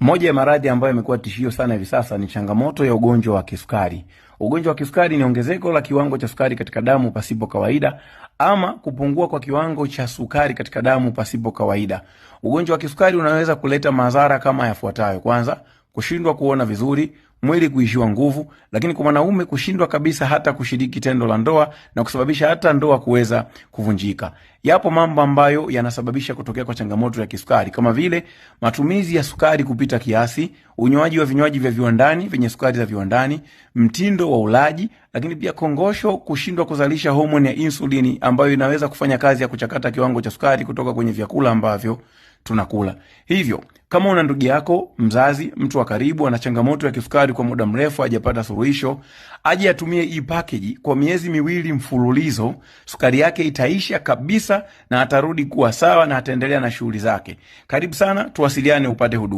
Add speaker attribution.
Speaker 1: Moja ya maradhi ambayo yamekuwa tishio sana hivi sasa ni changamoto ya ugonjwa wa kisukari. Ugonjwa wa kisukari ni ongezeko la kiwango cha sukari katika damu pasipo kawaida ama kupungua kwa kiwango cha sukari katika damu pasipo kawaida. Ugonjwa wa kisukari unaweza kuleta madhara kama yafuatayo. Kwanza, kushindwa kuona vizuri, mwili kuishiwa nguvu, lakini kwa mwanaume kushindwa kabisa hata kushiriki tendo la ndoa na kusababisha hata ndoa kuweza kuvunjika. Yapo mambo ambayo yanasababisha kutokea kwa changamoto ya kisukari kama vile matumizi ya sukari kupita kiasi, unywaji wa vinywaji vya viwandani vyenye sukari za viwandani, mtindo wa ulaji, lakini pia kongosho kushindwa kuzalisha homoni ya insulini ambayo inaweza kufanya kazi ya kuchakata kiwango cha sukari kutoka kwenye vyakula ambavyo tunakula. Hivyo kama una ndugu yako mzazi, mtu wa karibu ana changamoto ya kisukari kwa muda mrefu hajapata suluhisho, aje atumie hii pakeji kwa miezi miwili mfululizo. Sukari yake itaisha kabisa na atarudi kuwa sawa na ataendelea na shughuli zake. Karibu sana, tuwasiliane upate huduma.